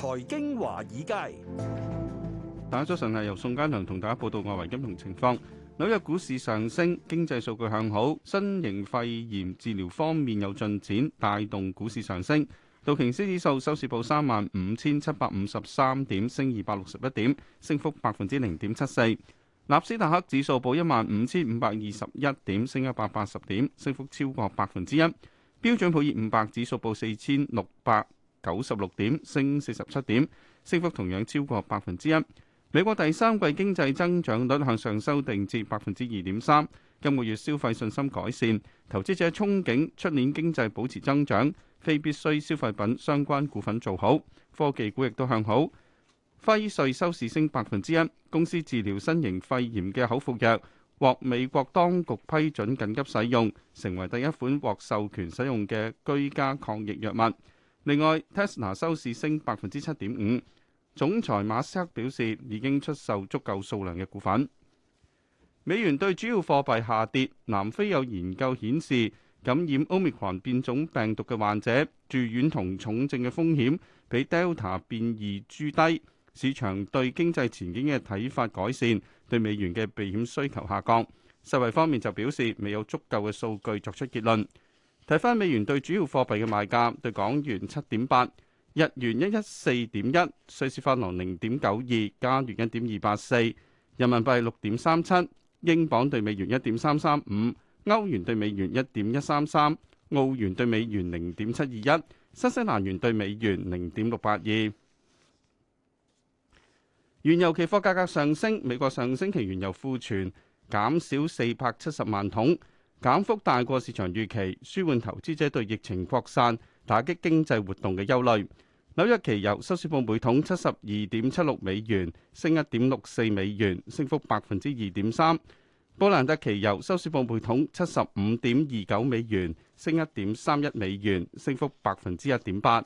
財經華爾街，大家早晨，係由宋家良同大家報道外圍金融情況。紐約股市上升，經濟數據向好，新型肺炎治療方面有進展，帶動股市上升。道瓊斯指數收市報三萬五千七百五十三點，升二百六十一點，升幅百分之零點七四。納斯達克指數報一萬五千五百二十一點，升一百八十點，升幅超過百分之一。標準普爾五百指數報四千六百。九十六點，升四十七點，升幅同樣超過百分之一。美國第三季經濟增長率向上修訂至百分之二點三。今個月消費信心改善，投資者憧憬出年經濟保持增長。非必需消費品相關股份做好，科技股亦都向好。輝瑞收市升百分之一，公司治療新型肺炎嘅口服藥獲美國當局批准緊急使用，成為第一款獲授權使用嘅居家抗疫藥物。另外，Tesla 收市升百分之七點五，總裁馬斯克表示已經出售足夠數量嘅股份。美元對主要貨幣下跌，南非有研究顯示感染 Omicron 變種病毒嘅患者住院同重症嘅風險比 Delta 變異株低。市場對經濟前景嘅睇法改善，對美元嘅避險需求下降。世衛方面就表示未有足夠嘅數據作出結論。睇翻美元對主要貨幣嘅賣價，對港元七點八，日元一一四點一，瑞士法郎零點九二，加元一點二八四，人民幣六點三七，英鎊對美元一點三三五，歐元對美元一點一三三，澳元對美元零點七二一，新西蘭元對美元零點六八二。原油期貨價格上升，美國上星期原油庫存減少四百七十萬桶。減幅大過市場預期，舒緩投資者對疫情擴散打擊經濟活動嘅憂慮。紐約期油收市報每桶七十二點七六美元，升一點六四美元，升幅百分之二點三。布蘭特期油收市報每桶七十五點二九美元，升一點三一美元，升幅百分之一點八。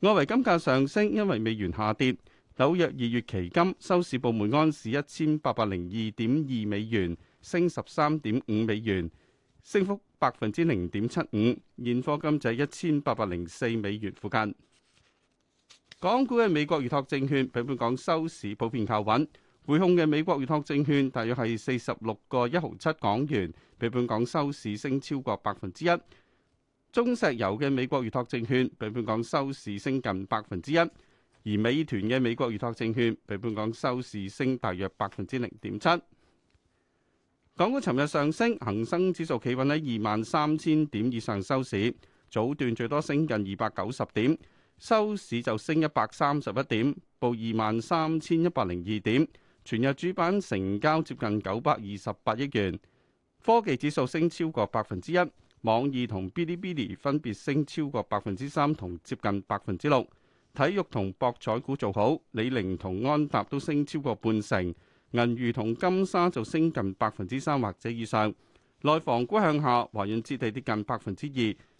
外圍金價上升，因為美元下跌。紐約二月期金收市報每安士一千八百零二點二美元。升十三點五美元，升幅百分之零點七五，現貨金就喺一千八百零四美元附近。港股嘅美國預託證券比本港收市普遍靠穩，匯控嘅美國預託證券大約係四十六個一毫七港元，比本港收市升超過百分之一。中石油嘅美國預託證券比本港收市升近百分之一，而美團嘅美國預託證券比本港收市升大約百分之零點七。港股尋日上升，恒生指數企穩喺二萬三千點以上收市，早段最多升近二百九十點，收市就升一百三十一點，報二萬三千一百零二點。全日主板成交接近九百二十八億元，科技指數升超過百分之一，網易同嗶哩嗶哩分別升超過百分之三同接近百分之六，體育同博彩股做好，李寧同安踏都升超過半成。銀娛同金沙就升近百分之三或者以上，內房股向下，華潤置地跌近百分之二，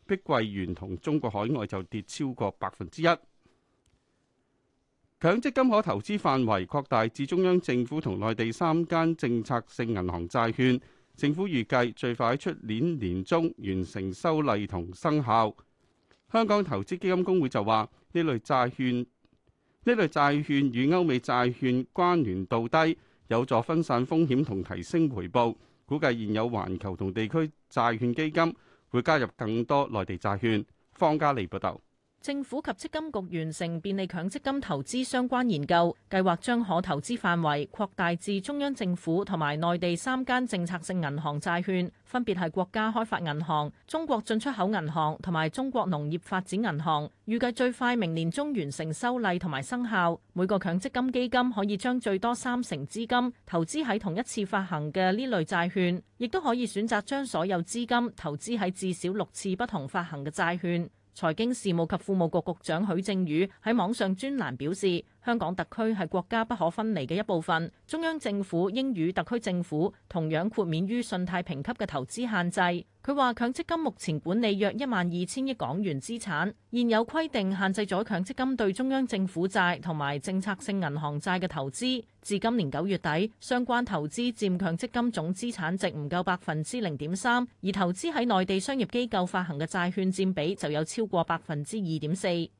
碧桂園同中國海外就跌超過百分之一。強積金可投資範圍擴大至中央政府同內地三間政策性銀行債券，政府預計最快喺出年年中完成修例同生效。香港投資基金公會就話，呢類債券，呢類債券與歐美債券關聯度低。有助分散風險同提升回報，估計現有環球同地區債券基金會加入更多內地債券。方家利報道。政府及積金局完成便利強積金投資相關研究，計劃將可投資範圍擴大至中央政府同埋內地三間政策性銀行債券，分別係國家開發銀行、中國進出口銀行同埋中國農業發展銀行。預計最快明年中完成修例同埋生效。每個強積金基金可以將最多三成資金投資喺同一次發行嘅呢類債券，亦都可以選擇將所有資金投資喺至少六次不同發行嘅債券。財經事務及庫務局局局長許正宇喺網上專欄表示，香港特區係國家不可分離嘅一部分，中央政府應與特區政府同樣豁免於信貸評級嘅投資限制。佢話，強積金目前管理約一萬二千億港元資產，現有規定限制咗強積金對中央政府債同埋政策性銀行債嘅投資。至今年九月底，相關投資佔強積金總資產值唔夠百分之零點三，而投資喺內地商業機構發行嘅債券佔比就有超過百分之二點四。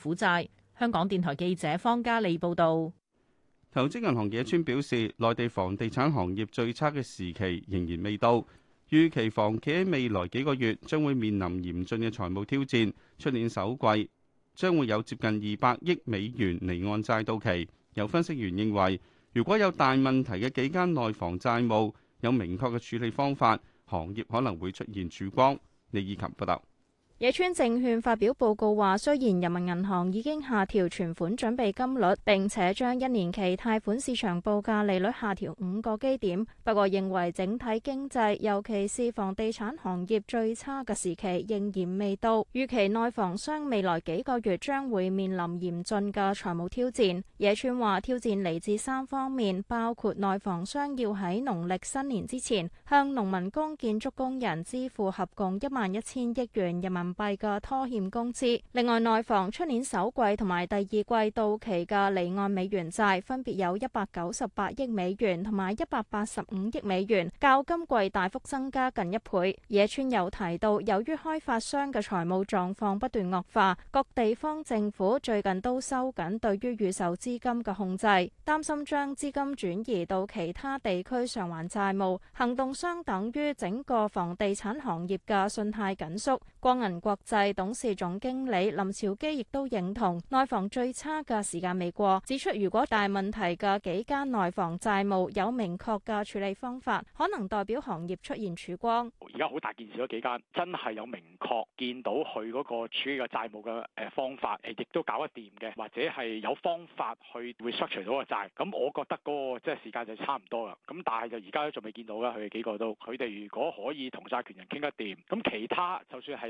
負債。香港電台記者方嘉莉報道。投資銀行野村表示，內地房地產行業最差嘅時期仍然未到，預期房企喺未來幾個月將會面臨嚴峻嘅財務挑戰。出年首季將會有接近二百億美元離岸債到期。有分析員認為，如果有大問題嘅幾間內房債務有明確嘅處理方法，行業可能會出現曙光。李以琴報道。野村證券發表報告話，雖然人民銀行已經下調存款準備金率，並且將一年期貸款市場報價利率下調五個基點，不過認為整體經濟尤其是房地產行業最差嘅時期仍然未到。預期內房商未來幾個月將會面臨嚴峻嘅財務挑戰。野村話挑戰嚟自三方面，包括內房商要喺農曆新年之前向農民工、建築工人支付合共一萬一千億元人民。幣嘅拖欠工資，另外內房出年首季同埋第二季到期嘅離岸美元債，分別有一百九十八億美元同埋一百八十五億美元，較今季大幅增加近一倍。野村有提到，由於開發商嘅財務狀況不斷惡化，各地方政府最近都收緊對於預售資金嘅控制，擔心將資金轉移到其他地區償還債務，行動相等於整個房地產行業嘅信貸緊縮。光銀國際董事總經理林兆基亦都認同內房最差嘅時間未過，指出如果大問題嘅幾間內房債務有明確嘅處理方法，可能代表行業出現曙光。而家好大件事嗰幾間真係有明確見到佢嗰個處理嘅債務嘅誒方法，亦都搞得掂嘅，或者係有方法去 restructure 到個債。咁我覺得嗰、那個即係時間就差唔多啦。咁但係就而家都仲未見到啦，佢哋幾個都佢哋如果可以同債權人傾得掂，咁其他就算係。